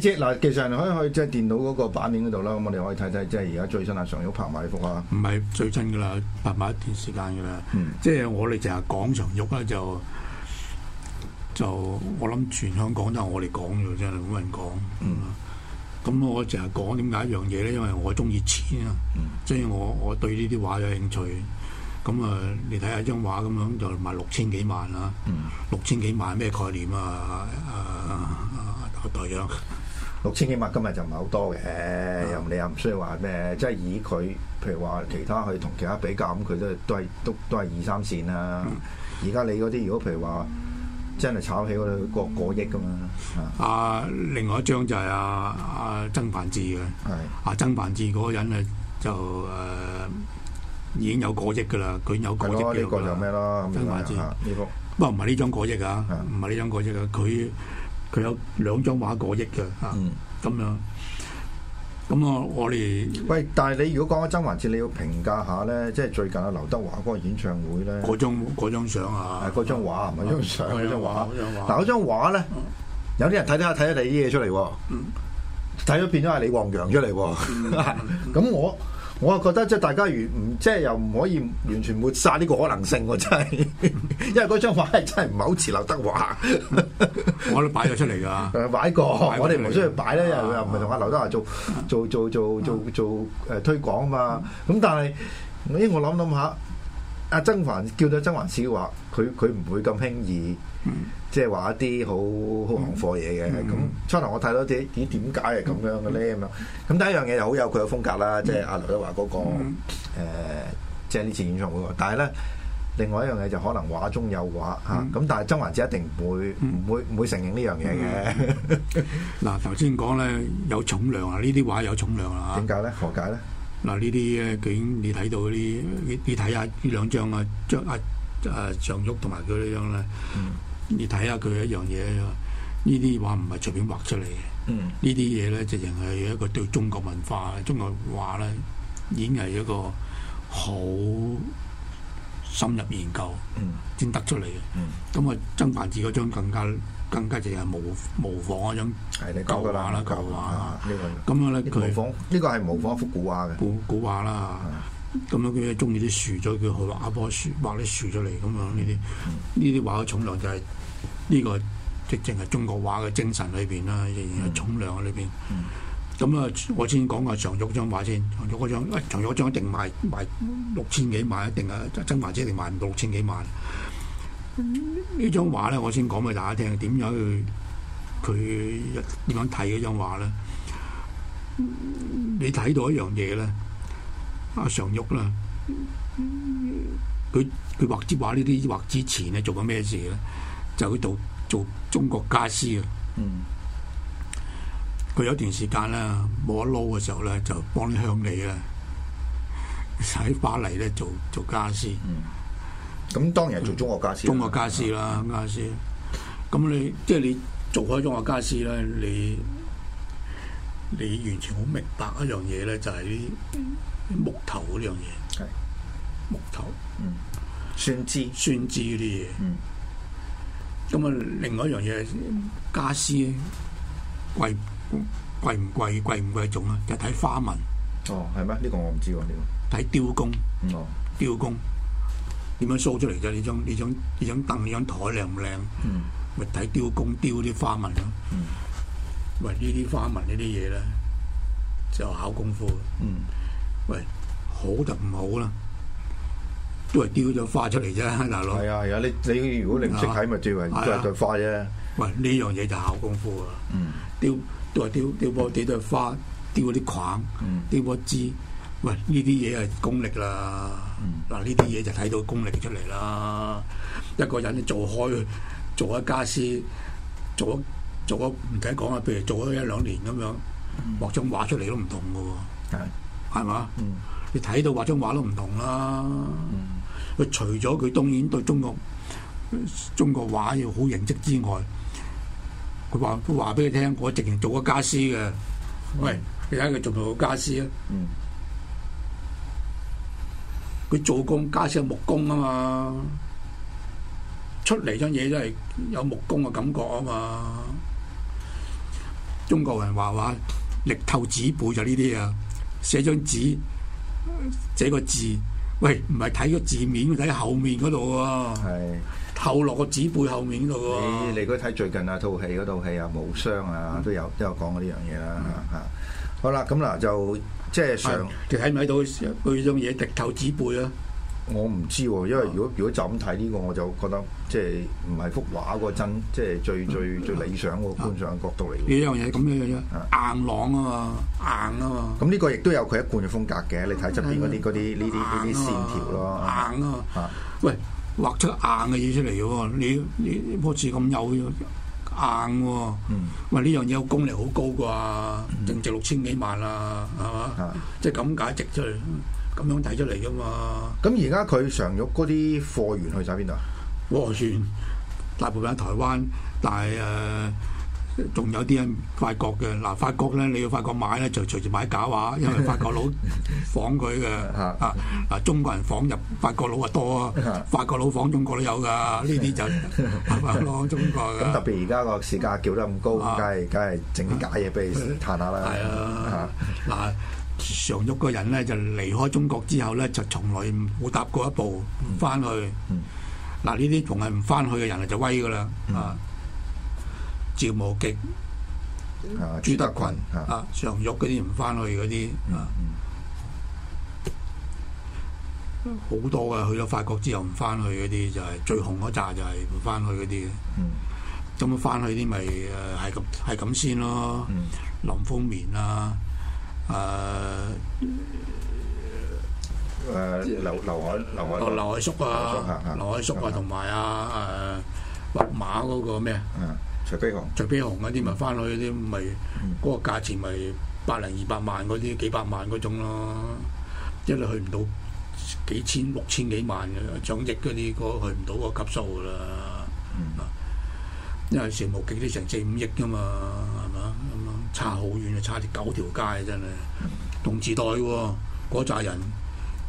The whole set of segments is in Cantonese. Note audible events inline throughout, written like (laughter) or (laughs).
嗱，其實可以去即係電腦嗰個版面嗰度啦。咁我哋可以睇睇，即係而家最新啊，常玉拍埋一幅啊。唔係最新噶啦，拍埋一段時間噶啦。嗯、即係我哋成日講常玉咧，就就我諗全香港都係我哋講嘅，真係冇人講。咁、嗯啊、我成日講點解一樣嘢咧？因為我中意錢啊。嗯、即係我我對呢啲畫有興趣。咁啊，你睇下張畫咁樣就賣千、啊嗯、六千幾萬啦。六千幾萬咩概念啊？啊啊代表。啊啊啊啊啊六千幾萬今日就唔係好多嘅，又唔又唔需要話咩，即係以佢，譬如話其他去同其他比較咁，佢都都係都都係二三線啊。而家你嗰啲如果譬如話真係炒起嗰個過億噶嘛，啊！另外一張就係阿阿曾凡志嘅，係阿曾凡志嗰個人啊就誒已經有過億噶啦，佢有過億嘅啦。呢個就咩咯？曾凡志呢個不過唔係呢張過億啊？唔係呢張過億啊？佢。佢有兩張畫過億嘅嚇，咁、嗯、樣咁、嗯、我我哋喂，但係你如果講緊甄嬛傳，你要評價下咧，即係最近阿劉德華嗰個演唱會咧，嗰張，張相啊，嗰張畫唔係張相，嗰麼張畫嗱嗰麼張畫咧，有啲人睇睇下睇到啲嘢出嚟喎，睇咗變咗係李旺洋出嚟喎，咁我。我啊覺得即係大家如唔即係又唔可以完全抹殺呢個可能性喎，真係，因為嗰張畫係真係唔係好似劉德華，我都擺咗出嚟㗎。擺過，我哋唔需要擺啦，因為佢又唔係同阿劉德華做做做做做做誒推廣啊嘛，咁但係，咦我諗諗下。阿曾凡叫到曾梵志嘅話：佢佢唔會咁輕易，即係話一啲好好行貨嘢嘅。咁初頭我睇到啲啲點解係咁樣嘅咧，咁樣。咁第一樣嘢就好有佢嘅風格啦，即係阿劉德華嗰個誒，即係呢次演唱會。但係咧，另外一樣嘢就可能畫中有畫嚇。咁但係曾梵志一定唔會唔會唔會承認呢樣嘢嘅。嗱，頭先講咧有重量啊，呢啲畫有重量啊。點解咧？何解咧？嗱呢啲咧，究竟你睇到嗰啲，你睇下呢兩張啊，張啊，阿常玉同埋佢嗰張咧，嗯、你睇下佢一樣嘢，呢啲畫唔係隨便畫出嚟嘅，嗯、呢啲嘢咧，直情係一個對中國文化、中國畫咧，已經係一個好深入研究，先得出嚟嘅。咁啊、嗯，曾梵志嗰張更加。更加淨係模模仿你教佢畫啦，教舊畫呢、啊啊這個咁樣咧，佢呢個係模仿一幅古畫嘅古古畫啦。咁、啊、樣佢中意啲樹，咗，以佢畫一樖樹，畫啲樹咗嚟咁樣，呢啲呢啲畫嘅重量就係、是、呢、這個即係淨係中國畫嘅精神裏邊啦，仍然係重量喺裏邊。咁啊、嗯嗯，我先講個常玉張畫先，常玉嗰張喂，常玉嗰張一定賣賣六千幾萬，一定啊曾華姐，真一定賣唔到六千幾萬。呢張畫咧，我先講俾大家聽，點樣去佢點樣睇嗰張畫咧？你睇到一樣嘢咧，阿、啊、常玉啦，佢佢畫之畫呢啲畫之前咧，做緊咩事咧？就去做做中國家私啊！佢、嗯、有段時間咧冇得撈嘅時候咧，就幫啲鄉里啦喺巴黎咧做做家私。嗯咁當然係做中國家私，中國家私啦，嗯、家私。咁你即係、就是、你做開中國家私咧，你你完全好明白一樣嘢咧，就係、是、啲木頭嗰樣嘢。係是木頭，嗯，酸枝，酸枝呢啲嘢。嗯。咁啊，另外一樣嘢，家私貴貴唔貴，貴唔貴，貴，貴重、就是哦這個、啊？就睇花紋。哦，係咩？呢個我唔知喎，呢個。睇雕工。嗯、哦。雕工。點樣梳出嚟啫？呢張呢張，呢張凳，呢張檯靚唔靚？咪睇雕工，雕啲花紋咯。喂，呢啲花紋呢啲嘢咧，就考功夫。嗯、喂，好就唔好啦。都係雕咗花出嚟啫。嗱，係啊，係啊。你你如果你唔識睇，咪最、啊、為雕朵花啫、啊。喂，呢樣嘢就考功夫啊！雕都係雕雕波幾朵花，雕啲框，雕波枝。喂，呢啲嘢係功力啦，嗱呢啲嘢就睇到功力出嚟啦。一個人做開做一家私，做咗做咗唔使講啊，譬如做咗一兩年咁樣，畫張畫出嚟都唔同嘅喎。係係嘛？吧嗯、你睇到畫張畫都唔同啦。佢、嗯嗯、除咗佢當然對中國中國畫要好認識之外，佢話佢話俾你聽，我之前做過家私嘅。嗯、喂，你睇佢做唔做家私？啊、嗯？佢做工加上木工啊嘛，出嚟張嘢都係有木工嘅感覺啊嘛。中國人話話力透紙背就呢啲啊，寫張紙寫個字，喂唔係睇個字面，睇後面嗰度喎。係透落個紙背後面嗰度喎。你如果睇最近啊套戲嗰套戲啊《無雙》啊都有都有講呢樣嘢啦嚇嚇。好啦咁嗱就。即係上，佢睇唔睇到嗰種嘢滴頭紙背啊？我唔知喎、啊，因為如果如果就咁睇呢個，我就覺得即係唔係幅畫個真，即係最最最理想個、啊、觀賞角度嚟。呢、啊啊、樣嘢咁樣嘅啫，硬朗啊嘛，硬啊嘛。咁呢個亦都有佢一貫嘅風格嘅。你睇側邊嗰啲啲呢啲呢啲線條咯，硬啊！嘛！喂，畫出硬嘅嘢出嚟喎！你你呢樖似咁幼。硬喎、哦，咁呢樣嘢好功力好高啩、啊，淨值、嗯、六千幾萬啊，係嘛？即係咁解值出嚟，咁樣睇出嚟噶嘛？咁而家佢常玉嗰啲貨源去晒邊度啊？貨源、哦、大部分喺台灣，但係誒。呃仲有啲人法國嘅，嗱法國咧，你要法國買咧就隨住買假畫，因為法國佬仿佢嘅啊嗱，中國人仿入法國佬啊多啊，法國佬仿中國都有噶，呢啲就係、是、咯、啊、中國咁 (laughs) 特別而家個市價叫得咁高，梗係梗係整啲假嘢俾你彈下啦。係啊，嗱常玉個人咧就離開中國之後咧，就從來冇踏過一步翻去。嗱呢啲仲係唔翻去嘅人就威噶啦啊！趙無極、朱德群啊，常玉嗰啲唔翻去嗰啲好多啊，去咗法國之後唔翻去嗰啲就係最紅嗰扎，就係唔翻去嗰啲咁翻去啲咪誒係咁係咁先咯。林風眠啊，誒誒，即係劉海劉海。劉海粟啊，劉海粟啊，同埋啊誒畫馬嗰個咩？徐悲鴻、徐悲鴻嗰啲，咪翻去嗰啲，咪嗰、嗯、個價錢咪百零二百萬嗰啲，幾百萬嗰種咯。一嚟去唔到幾千、六千幾萬，獎億嗰啲，嗰去唔到個級數噶啦。嗯、啊，因為趙無極都啲成四五億噶嘛，係嘛咁樣，差好遠啊，差啲九條街真係。同時代喎，嗰扎人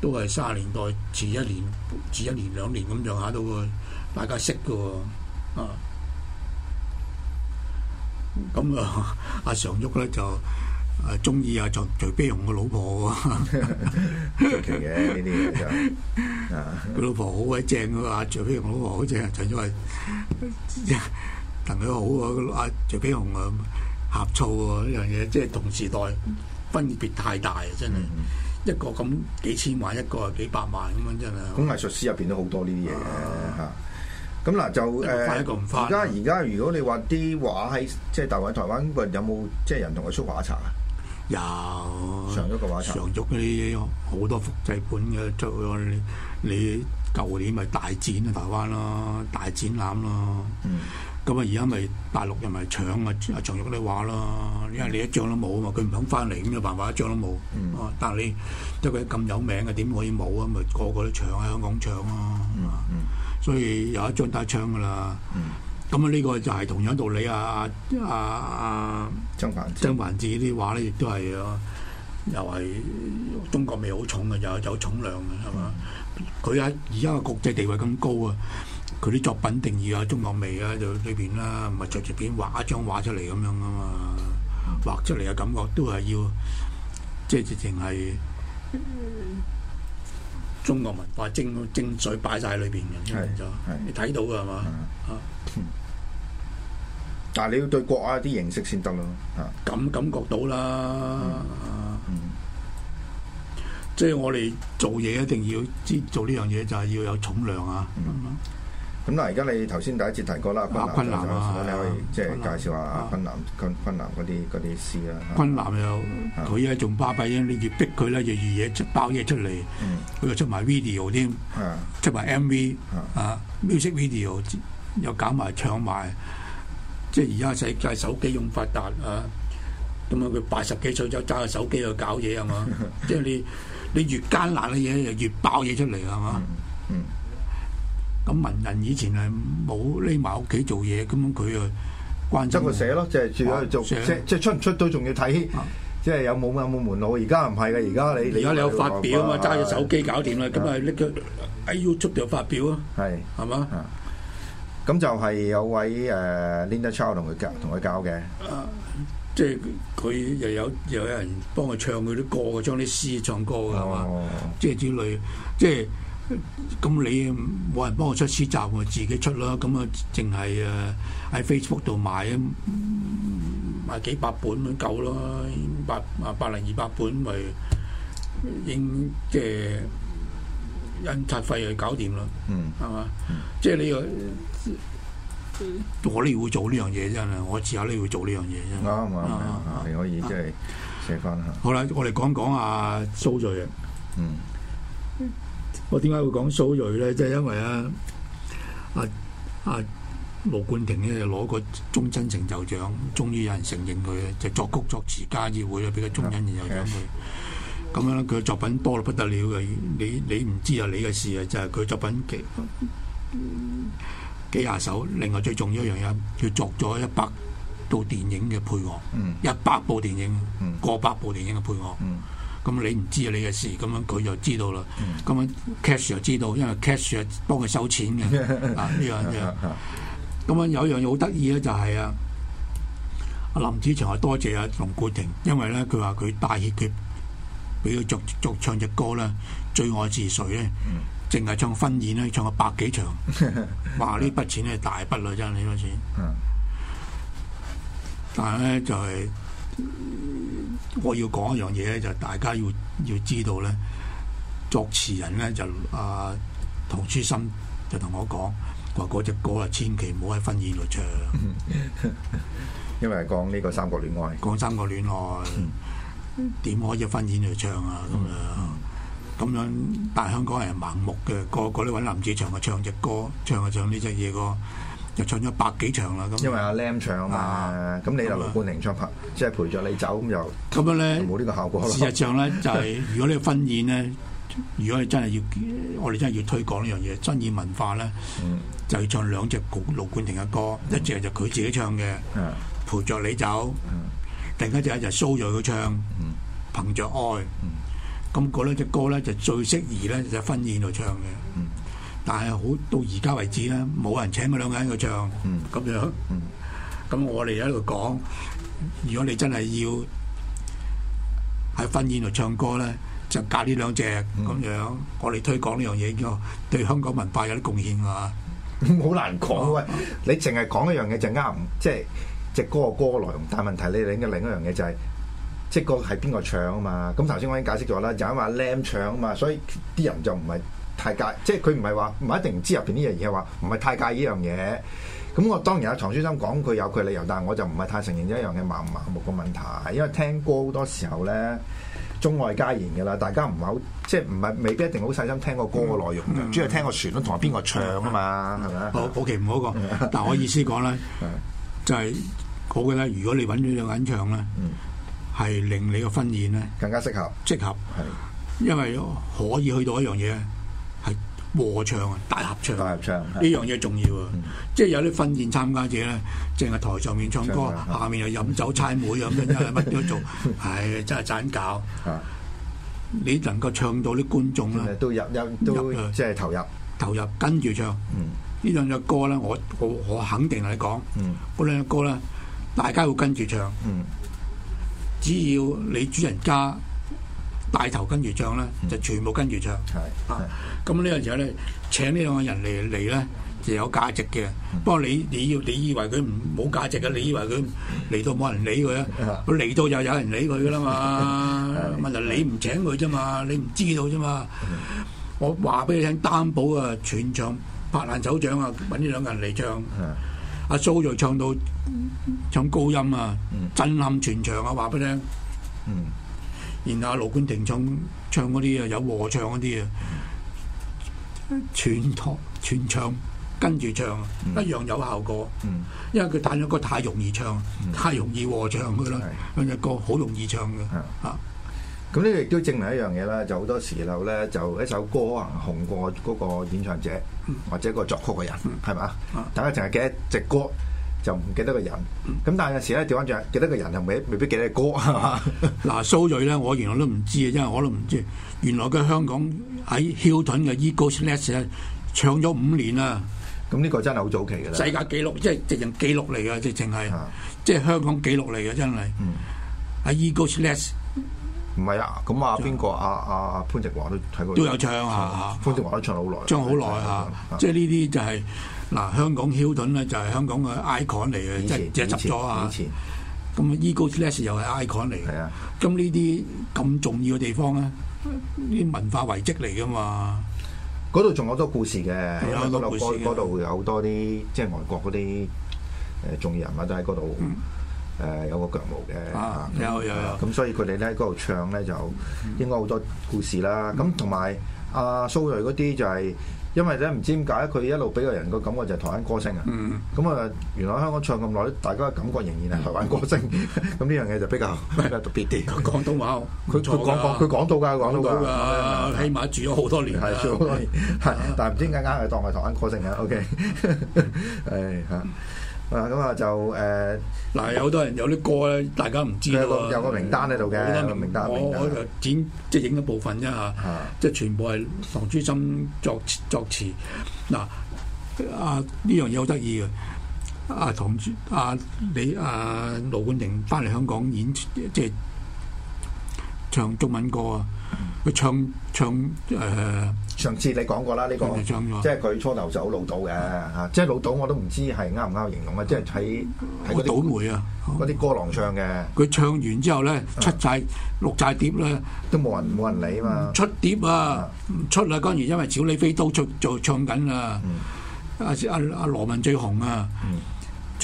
都係卅年代住一年，住一年，一年，一年兩年咁養下到喎，大家識噶喎，啊。咁啊，阿、啊、常旭咧就誒中意阿徐徐悲鴻個老婆嘅呢啲嘢就是，佢、啊、老婆好鬼正啊，阿、啊、徐悲鴻老婆好正啊，陳展鵬同佢好啊，阿徐、 (laughs) 啊、悲鴻啊呷醋啊，呢樣嘢即係同時代分別太大啊，真係、嗯、一個咁幾千萬，一個啊幾百萬咁樣真係。咁、嗯、藝術史入邊都好多呢啲嘢嘅。咁嗱就誒，而家而家如果你話啲畫喺即係大陸台灣，台灣有冇即係人同佢出畫冊啊？有常玉嘅畫冊，常玉啲好多複製本嘅，出咗你，你舊年咪大展啊台灣咯，大展覽咯，咁啊而家咪大陸又咪搶啊，阿常玉啲畫咯，因為你一張都冇啊嘛，佢唔肯翻嚟，咁有辦法一張都冇、嗯、但係你因為佢咁有名嘅，點可以冇啊？咪個個都搶喺香港搶咯、啊，嗯所以有一張大窗噶啦，咁啊呢個就係同樣道理啊！阿阿曾梵曾梵志啲畫咧，亦都係啊，啊又係中國味好重嘅，又有重量嘅，係嘛？佢喺而家嘅國際地位咁高啊，佢啲作品定義啊，中國味啊，就裏邊啦，唔係着住片畫一張畫出嚟咁樣啊嘛，畫出嚟嘅感覺都係要，即係直情係。嗯中國文化精精髓擺晒喺裏邊嘅，咁你就你睇到噶係嘛？啊吧，嗯、但係你要對國外啲認識先得咯，感感覺到啦，嗯嗯、即係我哋做嘢一定要知做呢樣嘢就係要有重量啊。嗯咁嗱，而家你頭先第一次提過啦，阿昆南啊，你可以即係介紹下阿昆南、昆昆南嗰啲啲詩啊。昆南又，佢啊，仲巴閉啊！你越逼佢咧，就越嘢出爆嘢出嚟。佢又出埋 video 添，出埋 MV 啊，music video 又搞埋唱埋。即係而家世世手機用發達啊，咁啊佢八十幾歲就揸個手機去搞嘢啊嘛！即係你你越艱難嘅嘢，就越爆嘢出嚟啊嘛！嗯。咁文人以前係冇匿埋屋企做嘢，咁樣佢又關注。得個寫咯，即係主要係做寫，即係出唔出都仲要睇，即係有冇有冇門路。而家唔係㗎，而家你而家你有發表啊嘛，揸住手機搞掂啦，咁啊拎個 YouTube 就發表啊，係係嘛？咁就係有位誒 Linda Chow 同佢搞同佢搞嘅，啊，即係佢又有又有個人幫佢唱佢啲歌啊，唱啲詩唱歌㗎係嘛？即係之類即係。咁你冇人幫我出書集我自己出咯，咁啊淨係誒喺 Facebook 度買啊，買幾百本咪夠咯，百啊百零二百本咪應即係印刷費去搞掂啦。嗯，係嘛，呃、即係你要我呢會做呢樣嘢真係，我遲下咧會做呢樣嘢。啱啊，係可以即係寫翻下好啦，我哋講講阿蘇在人。嗯。我點解會講蘇芮咧？即、就、係、是、因為啊，阿阿盧冠廷咧就攞個終身成就獎，終於有人承認佢就是、作曲作詞家協會咧俾個終身成就獎佢。咁樣佢作品多到不得了嘅，你你唔知啊，你嘅事啊，就係、是、佢作品幾幾廿首。另外最重要一樣嘢，佢作咗一百部電影嘅配樂，一百部電影，嗯、過百部電影嘅配樂。嗯嗯嗯。咁你唔知你嘅事，咁樣佢就知道啦。咁樣 Cash 就知道，因為 Cash 幫佢收錢嘅。呢樣呢咁樣有一樣嘢好得意咧，就係啊，阿 (laughs) 林子祥啊，多謝啊盧冠廷，因為咧佢話佢大熱決，俾佢逐逐唱隻歌啦。最愛是誰咧？淨係唱婚宴咧，唱咗百幾場，話、啊、呢筆錢係大筆喇真係呢筆錢。但係咧就係、是。我要講一樣嘢咧，就是、大家要要知道咧，作詞人咧就阿唐、啊、書心就同我講話嗰隻歌啊，千祈唔好喺婚宴度唱，因為係講呢個《三國戀愛》。講《三國戀愛》，點 (laughs) 可以喺婚宴度唱啊？咁樣咁樣，但係香港人盲目嘅，個個都揾林志祥，啊，唱隻歌，唱啊唱呢隻嘢個。又唱咗百幾場啦，咁因為阿 Lam 唱啊嘛，咁你就盧冠廷唱拍，即係陪著你走咁樣，冇呢個效果。事實上咧，就係如果呢個婚宴咧，如果你真係要，我哋真係要推廣呢樣嘢，婚宴文化咧，就要唱兩隻古盧冠廷嘅歌，一隻就佢自己唱嘅，陪着你走，另一隻就蘇芮佢唱，憑著愛，咁嗰兩隻歌咧就最適宜咧就喺婚宴度唱嘅。但係好到而家為止咧，冇人請佢兩個去唱，咁樣。咁我哋喺度講，如果你真係要喺婚宴度唱歌咧，就隔呢兩隻咁樣。我哋推廣呢樣嘢叫對香港文化有啲貢獻啊！好難講啊，你淨係講一樣嘢就啱，即係隻歌個歌個內容。但係問題你拎嘅另一樣嘢就係，即係個係邊個唱啊嘛？咁頭先我已經解釋咗啦，就因為僆唱啊嘛，所以啲人就唔係。太介，即係佢唔係話唔係一定唔知入邊啲嘢，而係話唔係太介呢樣嘢。咁我當然阿唐先生講佢有佢理由，但係我就唔係太承認呢一樣嘢盲唔盲目嘅問題。因為聽歌好多時候咧，中外皆然㗎啦，大家唔係好即係唔係未必一定好細心聽個歌嘅內容，嗯、主要聽個旋律同埋邊個唱啊嘛，係咪、嗯、吧好，保唔好講。但我意思講咧， (laughs) 就係好嘅啦。如果你揾呢兩個人唱咧，係、嗯、令你個婚宴咧更加適合，適合，是因為可以去到一樣嘢。和唱啊，大合唱，大合唱，呢樣嘢重要啊！即係有啲婚宴參加者咧，淨係台上面唱歌，下面又飲酒、猜妹咁樣，乜都做，係真係難搞。你能夠唱到啲觀眾咧，都入都入即係投入投入跟住唱。呢兩隻歌咧，我我我肯定係你講。嗯，呢兩隻歌咧，大家會跟住唱。只要你主人家，帶頭跟住唱咧，就全部跟住唱。係、嗯、啊，咁呢個時候咧，請呢兩個人嚟嚟咧，就有價值嘅。嗯、不過你你要你以為佢唔冇價值嘅，你以為佢嚟到冇人理佢啊？佢嚟、嗯、到就有人理佢噶啦嘛。問題、嗯、你唔請佢啫嘛，你唔知道啫嘛。嗯、我話俾你聽，擔保啊，全場拍爛手掌啊，搵呢兩個人嚟唱。阿、嗯啊、蘇就唱到唱高音啊，嗯、震撼全場啊！話俾你聽。嗯然後啊，盧冠廷唱唱嗰啲啊，有和唱嗰啲啊，全托全唱跟住唱一樣有效果，因為佢彈咗歌太容易唱，太容易和唱噶啦，唱隻歌好容易唱嘅嚇。咁呢亦都證明一樣嘢啦，就好多時候咧，就一首歌可能紅過嗰個演唱者或者個作曲嘅人，係咪？大家淨係記得隻歌。就唔記得個人，咁但係有時咧，調翻轉，記得個人又未未必記得歌啊！嗱，蘇芮咧，我原來都唔知嘅，因為我都唔知原來嘅香港喺《Hilton 嘅 Eagle's Nest》唱咗五年啊！咁呢個真係好早期㗎啦！世界紀錄即係直情記錄嚟㗎，直情係即係香港記錄嚟㗎，真係喺《Eagle's Nest》唔係啊！咁啊，邊個啊？阿阿潘迪華都睇過都有唱啊！潘迪華都唱好耐，唱好耐啊！即係呢啲就係。嗱，香港 Hilton 咧就係香港嘅 icon 嚟嘅，即係即係執咗啊！咁 Eagle's Nest 又係 icon 嚟嘅。咁呢啲咁重要嘅地方咧，啲文化遺跡嚟噶嘛？嗰度仲有好多故事嘅，嗰度嗰度有好多啲即係外國嗰啲誒重要人物都喺嗰度誒有個腳毛嘅，有有有。咁所以佢哋喺嗰度唱咧，就應該好多故事啦。咁同埋阿蘇瑞嗰啲就係。因為咧，唔知點解佢一路俾個人個感覺就係台灣歌星啊，咁啊原來香港唱咁耐，大家感覺仍然係台灣歌星，咁呢樣嘢就比較特別啲。佢廣東話佢講講佢講到㗎，講到㗎，起碼住咗好多年係，但係唔知點解硬係當係台灣歌星啊？OK，係嚇。啊，咁啊、嗯、就誒，嗱、呃、有好多人有啲歌咧，大家唔知有個有個名單喺度嘅。名名單，名單。我單我就剪，即係影咗部分啫嚇，啊、即係全部係唐書琛作作詞。嗱，阿呢樣嘢好得意嘅。阿、啊啊這個啊、唐書，阿、啊、你阿、啊、盧冠廷翻嚟香港演，即係唱中文歌啊！佢唱唱誒。呃上次你講過啦，呢、呢個即係佢初頭就好老道嘅，嚇，即係老道我都唔知係啱唔啱形容啊！即係睇睇嗰啲歌郎唱嘅，佢唱完之後咧出曬、嗯、錄曬碟咧，都冇人冇人理啊嘛！出碟啊，的出啊！嗰陣時因為小李飛刀做做唱緊、嗯、啊，阿阿阿羅文最紅啊。嗯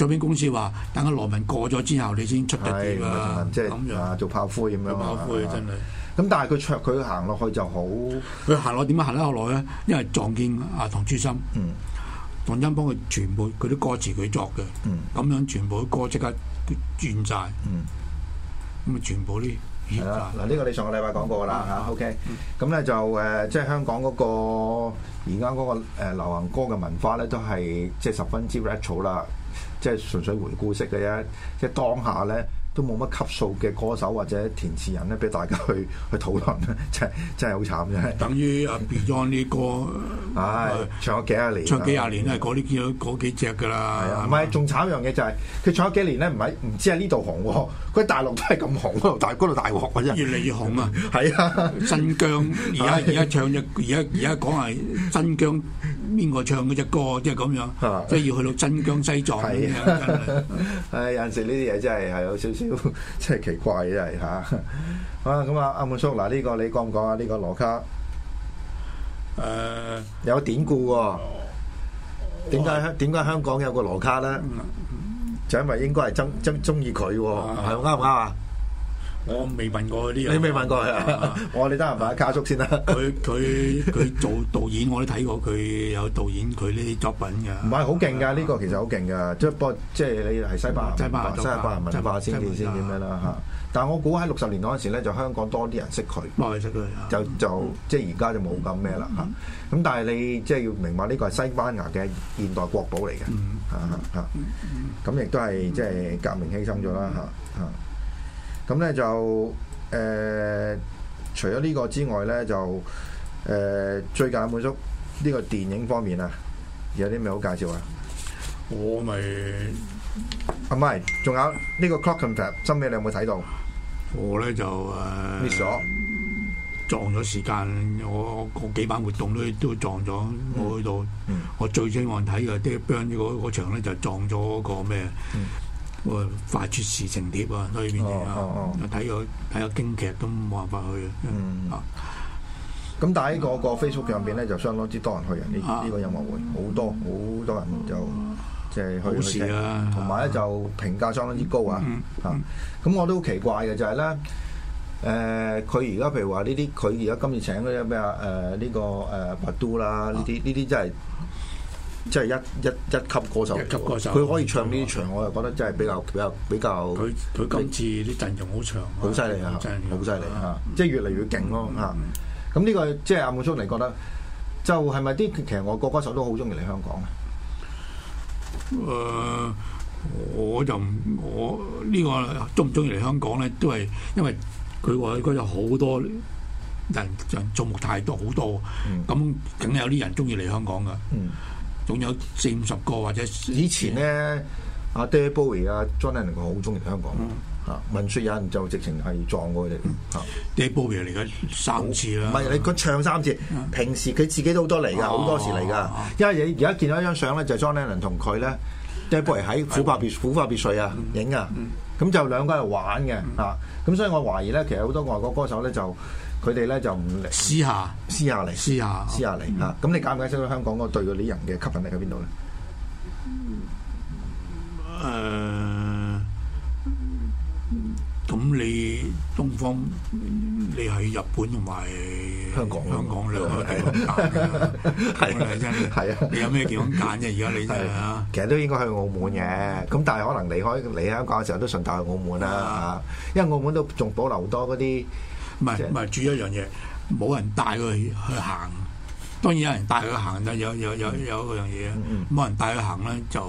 唱片公司話：等阿羅文過咗之後，你先出得碟，即係咁樣做炮灰，咁樣炮灰真係。咁但係佢灼佢行落去就好。佢行落點樣？行得落來咧，因為撞見阿唐尊心。嗯。唐真幫佢全部佢啲歌詞佢作嘅。咁樣全部啲歌即刻轉債。嗯。咁咪全部啲嗱，呢個你上個禮拜講過啦嚇。OK。咁咧就誒，即係香港嗰個而家嗰個流行歌嘅文化咧，都係即係十分之 r 熱潮啦。即係純粹回顧式嘅啫，即係當下咧。都冇乜級數嘅歌手或者填詞人咧，俾大家去去討論咧，真真係好慘嘅。等於啊 Beyond 啲歌，唉，唱咗幾廿年，唱幾廿年咧，嗰啲見到幾隻噶啦。唔係，仲慘一樣嘢就係佢唱咗幾年咧，唔係唔知喺呢度紅，佢大陸都係咁紅，大嗰度大紅越嚟越紅啊！係啊，新疆而家而家唱隻而家而家講係新疆邊個唱嗰隻歌即係咁樣，即係要去到新疆西藏。係有陣時呢啲嘢真係係有少少。都 (laughs) 真係奇怪啊，係嚇啊！咁啊，阿滿叔，嗱，呢個你講唔講啊？呢、這個羅卡，誒、uh, 有典故喎、哦。點解點解香港有個羅卡咧？Uh, 就因為應該係真真中意佢喎，係啱唔啱啊？我未問過啲人，你未問過啊？我話你得閒問下卡叔先啦。佢佢佢做導演，我都睇過佢有導演佢呢啲作品嘅。唔係好勁㗎，呢個其實好勁㗎。即係不過即係你係西班牙西班牙文化先點先點樣啦嚇。但係我估喺六十年代嗰時咧，就香港多啲人識佢，多啲識佢。就就即係而家就冇咁咩啦嚇。咁但係你即係要明白呢個係西班牙嘅現代國寶嚟嘅嚇嚇，咁亦都係即係革命犧牲咗啦嚇嚇。咁咧、嗯、就誒、呃，除咗呢個之外咧，就誒、呃、最近滿足呢個電影方面啊，有啲咩好介紹啊？我咪阿 m 仲有呢個 Clock and Fab，真嘅你有冇睇到？我咧就 m i、呃、s Miss ed s 咗，撞咗時間，我我幾版活動都都撞咗。嗯、我去到、嗯、我最希望睇嘅啲 bang 場咧，就撞咗嗰個咩？嗯我快絕事情蝶啊，所以變哦，睇佢，睇下京劇都冇辦法去啊！啊！咁但係喺個 Facebook 上邊咧，就相當之多人去啊！呢呢個音樂會好多好多人就即係去試啊！同埋咧就評價相當之高啊！嚇！咁我都好奇怪嘅就係咧，誒佢而家譬如話呢啲，佢而家今次請嗰啲咩啊？誒呢個誒百度啦，呢啲呢啲真係～即係一一一級歌手，佢可以唱呢啲場，我又覺得真係比較比較比較。佢佢今次啲陣容好強，好犀利啊！真係好犀利啊！即係越嚟越勁咯！嚇，咁呢個即係阿木松嚟覺得，就係咪啲其實外國歌手都好中意嚟香港啊？誒，我就我呢個中唔中意嚟香港咧，都係因為佢話佢有好多人就種類太多好多，咁梗有啲人中意嚟香港噶。仲有四五十個或者以前咧，阿 David Bowie 啊，John Lennon 佢好中意香港嚇，聞説有人就直情係撞過佢哋。David Bowie 嚟緊三次啦，唔係你佢唱三次，平時佢自己都好多嚟㗎，好多時嚟㗎。因為而家見到一張相咧，就 John Lennon 同佢咧，David Bowie 喺虎豹別虎豹別墅啊影啊，咁就兩個人玩嘅嚇。咁所以我懷疑咧，其實好多外國歌手咧就。佢哋咧就唔嚟，私下，私下嚟，私下，私下嚟嚇。咁你解唔解釋到香港嗰隊嗰啲人嘅吸引力喺邊度咧？誒，咁你東方，你喺日本同埋香港，香港你話係唔係？係啊，你有咩嘢幾好揀啫？而家你係啊，其實都應該去澳門嘅。咁但係可能離開離香港嘅時候都順帶去澳門啦，因為澳門都仲保留多嗰啲。唔係唔係，住一樣嘢，冇人帶佢去行。當然有人帶佢行啦，有有有有一樣嘢，冇、嗯、人帶佢行咧，就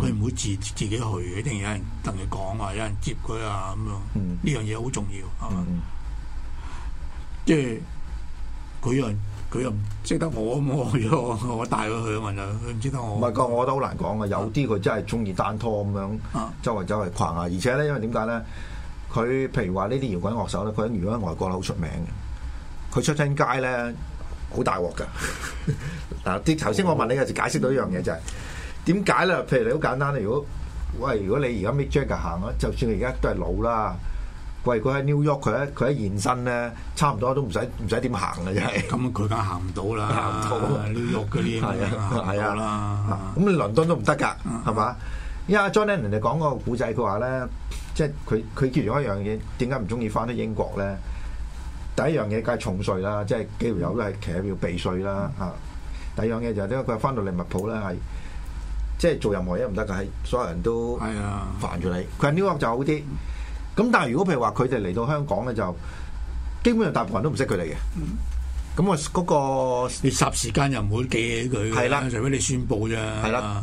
佢唔會自、嗯、自己去，一定有人同佢講啊，有人接佢啊咁樣。呢、嗯、樣嘢好重要，係嘛、嗯嗯啊？即係佢又佢又唔識得我，我我我帶佢去問佢唔識得我。唔係個，我覺得好難講嘅，有啲佢真係中意單拖咁樣，啊、周圍周圍逛下。而且咧，因為點解咧？佢譬如話呢啲搖滾樂手咧，佢如果喺外國好出名嘅，佢出親街咧好大鑊嘅。嗱，啲頭先我問你嘅就解釋到一樣嘢就係點解咧？譬如你好簡單，如果喂，如果你而家 Mick Jagger 行啊，就算你而家都係老啦，佢如果喺 New York 佢喺佢一現身咧，差唔多都唔使唔使點行嘅，真係。咁佢梗係行唔到啦，New York 嗰啲係啊啦，咁你、啊、倫敦都唔得㗎，係嘛？ (laughs) 因為 John Lennon 就講個古仔，佢話咧。即係佢佢叫咗一樣嘢，點解唔中意翻去英國咧？第一樣嘢梗係重稅啦，即係幾乎有都係企喺度要避稅啦嚇。嗯、第二樣嘢就係點解佢翻到利物浦咧係，即係做任何嘢唔得㗎，係所有人都啊，煩住你。佢、哎、呀 New York 就好啲，咁、嗯、但係如果譬如話佢哋嚟到香港咧，就基本上大部分人都唔識佢哋嘅。嗯咁我嗰個你霎時間又唔會記起佢嘅，除非你宣佈啫。係啦，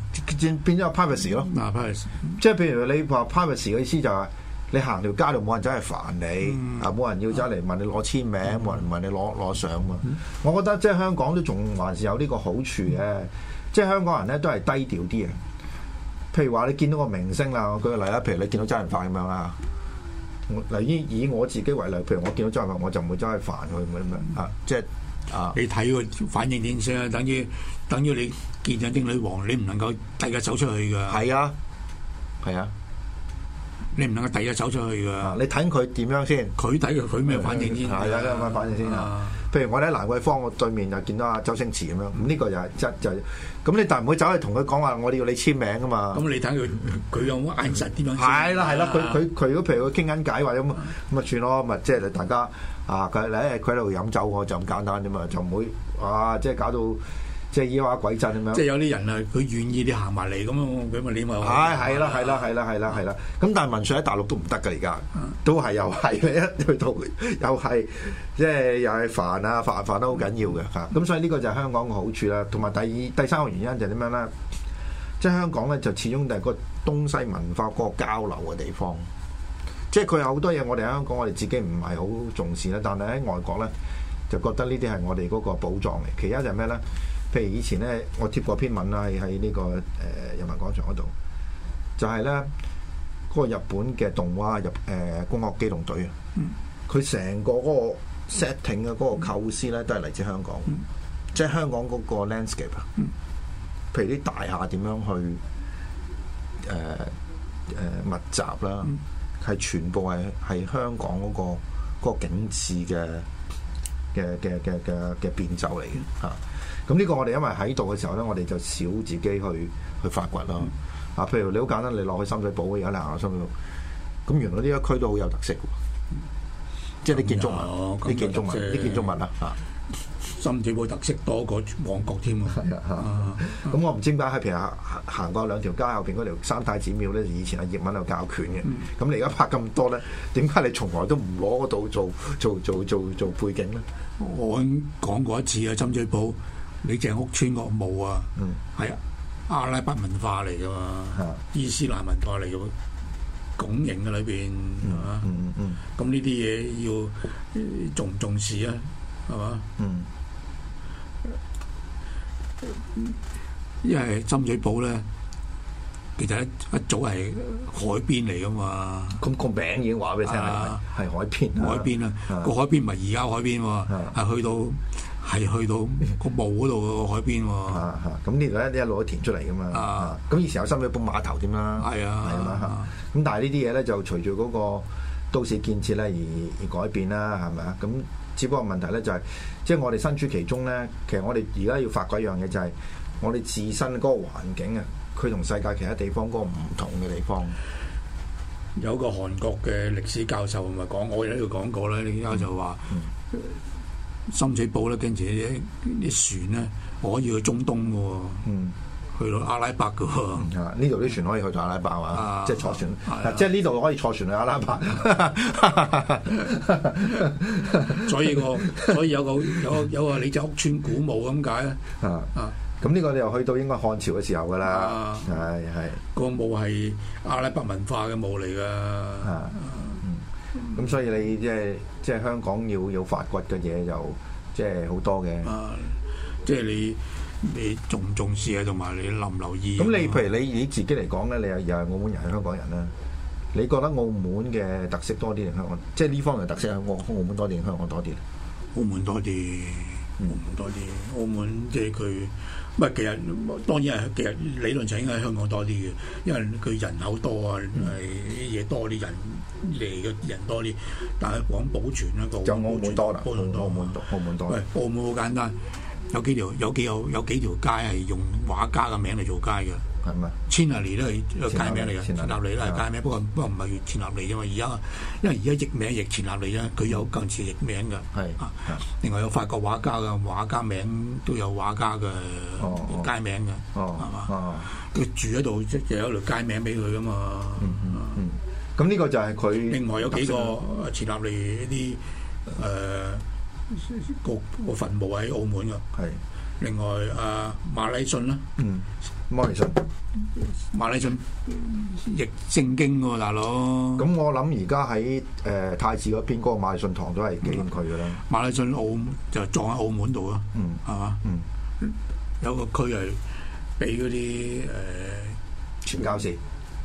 變咗 privacy 咯。嗱，privacy，即係譬如你話 privacy 嘅意思就係你行條街就冇人走嚟煩你，啊冇人要走嚟問你攞簽名，冇人問你攞攞相啊。我覺得即係香港都仲還是有呢個好處嘅，即係香港人咧都係低調啲嘅。譬如話你見到個明星啦，我舉個例啦，譬如你見到周潤發咁樣啦。嗱依以我自己為例，譬如我見到周潤發，我就唔會走去煩佢咁樣啊，即係啊，你睇佢反應點先啊，等於等於你見咗啲女王，你唔能夠第日走出去噶，係啊，係啊，啊，你唔能夠第日走出去噶，你睇佢點樣先，佢睇佢咩反應先，係啦、啊，咩、啊啊、反應先啊？譬如我哋喺蘭桂坊，我對面就見到阿周星馳咁樣，咁、這、呢個就係、是、一就咁、是就是、你，但唔會走去同佢講話，我哋要你簽名㗎嘛。咁你等佢，佢有冇眼神點樣？係啦係啦，佢佢佢如果譬如佢傾緊偈或者咁，咁啊算咯，咪即係大家啊佢咧佢喺度飲酒我就咁簡單啫嘛，就唔會啊即係、就是、搞到。即係依話鬼真咁樣，即係有啲人啊，佢願意你行埋嚟咁啊，佢咪你咪話係係啦，係啦、哎，係啦，係啦，係啦。咁但係文粹喺大陸都唔得噶，而家都係又係去到又係即係又係煩，煩，煩、嗯、啊，煩煩得好緊要嘅嚇。咁所以呢個就係香港嘅好處啦。同埋第二第三個原因就係點樣咧？即係香港咧，就始終就係個東西文化、個交流嘅地方。即係佢有好多嘢，我哋喺香港，我哋自己唔係好重視咧，但係喺外國咧就覺得呢啲係我哋嗰個寶藏嚟。其一就係咩咧？譬如以前咧，我貼過篇文啦，喺喺呢個誒人民廣場嗰度，就係咧嗰個日本嘅動畫入誒《攻殼機動隊》啊，佢成個嗰個 setting 嘅嗰個構思咧，都係嚟自香港，即係香港嗰個 landscape 啊。譬如啲大廈點樣去誒誒密集啦，係全部係係香港嗰個嗰個景緻嘅嘅嘅嘅嘅嘅變奏嚟嘅嚇。咁呢個我哋因為喺度嘅時候咧，我哋就少自己去去發掘咯。啊，譬如你好簡單，你落去深水埗嘅而家你行下深水埗，咁原來呢一區都好有特色，即係啲建築物、啲建築物、啲建築物啦。啊，深水埗特色多過旺角添啊！咁我唔知點解喺平如行行過兩條街後邊嗰條三太子廟咧，以前係葉文有教拳嘅。咁你而家拍咁多咧，點解你從來都唔攞嗰度做做做做做背景咧？我講過一次啊，深水埗。你李鄭屋村個墓啊，係阿拉伯文化嚟噶嘛？伊斯蘭文化嚟嘅拱形嘅裏邊，係嘛？咁呢啲嘢要重唔重視啊？係嘛？因為深水埗咧，其實一一早係海邊嚟噶嘛。咁個名已經話俾你聽啦，係海邊，海邊啊，個海邊唔係而家海邊喎，係去到。係去到個霧嗰度個海邊喎，咁呢度一一路都填出嚟噶嘛，咁、啊啊、以前有心去揼碼頭點啦，啊，啊。咁但係呢啲嘢咧就隨住嗰個都市建設咧而而改變啦，係咪啊？咁只不過問題咧就係、是，即係我哋身處其中咧，其實我哋而家要發掘一樣嘢就係、是，我哋自身嗰個環境啊，佢同世界其他地方嗰、那個唔同嘅地方。有個韓國嘅歷史教授咪講，我亦都講過咧，依家就話。嗯嗯深水埗咧，跟住啲船咧可以去中東嘅，去到阿拉伯嘅。呢度啲船可以去到阿拉伯啊，即係坐船，啊嗯、即係呢度可以坐船去阿拉伯。 (laughs) (laughs) 所以我所，所以有個有個有個李鄭屋村古墓咁解啊啊！咁呢、啊啊、個你又去到應該漢朝嘅時候噶啦，係係、啊哎嗯、個墓係阿拉伯文化嘅墓嚟㗎。 (noise) (noise) 咁、嗯、所以你、就是、即係即係香港要有發掘嘅嘢就即係好多嘅，即係、啊、你你重唔重視啊？同埋你留唔留意？咁你譬如你你自己嚟講咧，你又又係澳門人，係香港人啦。你覺得澳門嘅特色多啲定香港？即係呢方面嘅特色係澳澳門多啲定香港多啲咧？澳門多啲，澳門多啲，澳門，澳門即係佢。唔係，其實當然係，其實理論上應該喺香港多啲嘅，因為佢人口多啊，係啲嘢多啲，人嚟嘅人多啲。但係講保存咧，個澳門多啦，澳門多，澳門多。澳門好簡單，有幾條有幾有有幾條街係用畫家嘅名嚟做街嘅。係嘛？前立利都係街名嚟嘅，前立利都係街名，立不過不過唔係前立利啫嘛。而家因為而家譯名亦譯前立利啦，佢有近似譯名噶。係、啊、另外有法國畫家嘅，畫家名都有畫家嘅街名嘅，係嘛？佢住喺度，即就有條街名俾佢噶嘛。咁、啊、呢、嗯嗯嗯、個就係佢。另外有幾個前立利一啲誒個個墳墓喺澳門噶。係另外阿馬禮遜啦。嗯。嗯馬禮遜，馬禮遜，亦正經喎，大佬。咁我諗而家喺誒太子嗰邊嗰個馬禮遜堂都係幾堅區嘅啦。馬禮遜澳就撞喺澳門度咯，係嘛？有個區係俾嗰啲誒傳教士，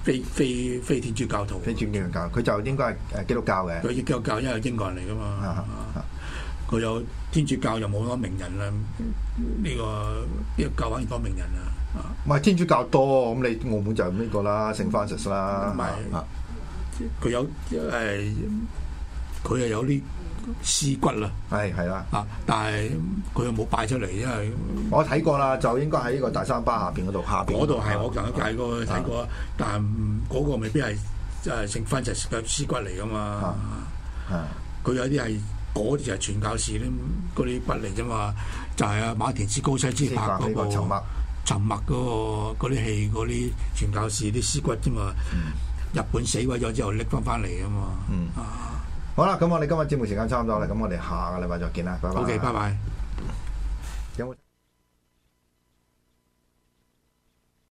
非非非天主教徒，非主教佢就應該係誒基督教嘅。佢基督教因為英國人嚟噶嘛，佢有天主教又冇乜名人啦，呢個呢個教反而多名人啊。唔係天主教多，咁你澳門就係呢個啦，聖 Francis 啦。唔係佢有誒，佢又、啊、有啲屍骨啦，係係啦，啊，但係佢又冇擺出嚟，因為我睇過啦，就應該喺呢個大三巴下邊嗰度下邊，嗰度係我上一屆嗰睇過，但嗰個未必係即係聖 Francis 屍骨嚟噶嘛，佢、啊啊、有啲係嗰啲就係傳教士咧嗰啲骨嚟啫嘛，就係、是、啊馬田史高西斯拍嗰個。沉默嗰個嗰啲戲嗰啲傳教士啲屍骨啫嘛，嗯、日本死鬼咗之後拎翻翻嚟啊嘛，嗯、啊好啦，咁我哋今日節目時間差唔多啦，咁我哋下個禮拜再見啦，拜拜，OK，拜拜。有冇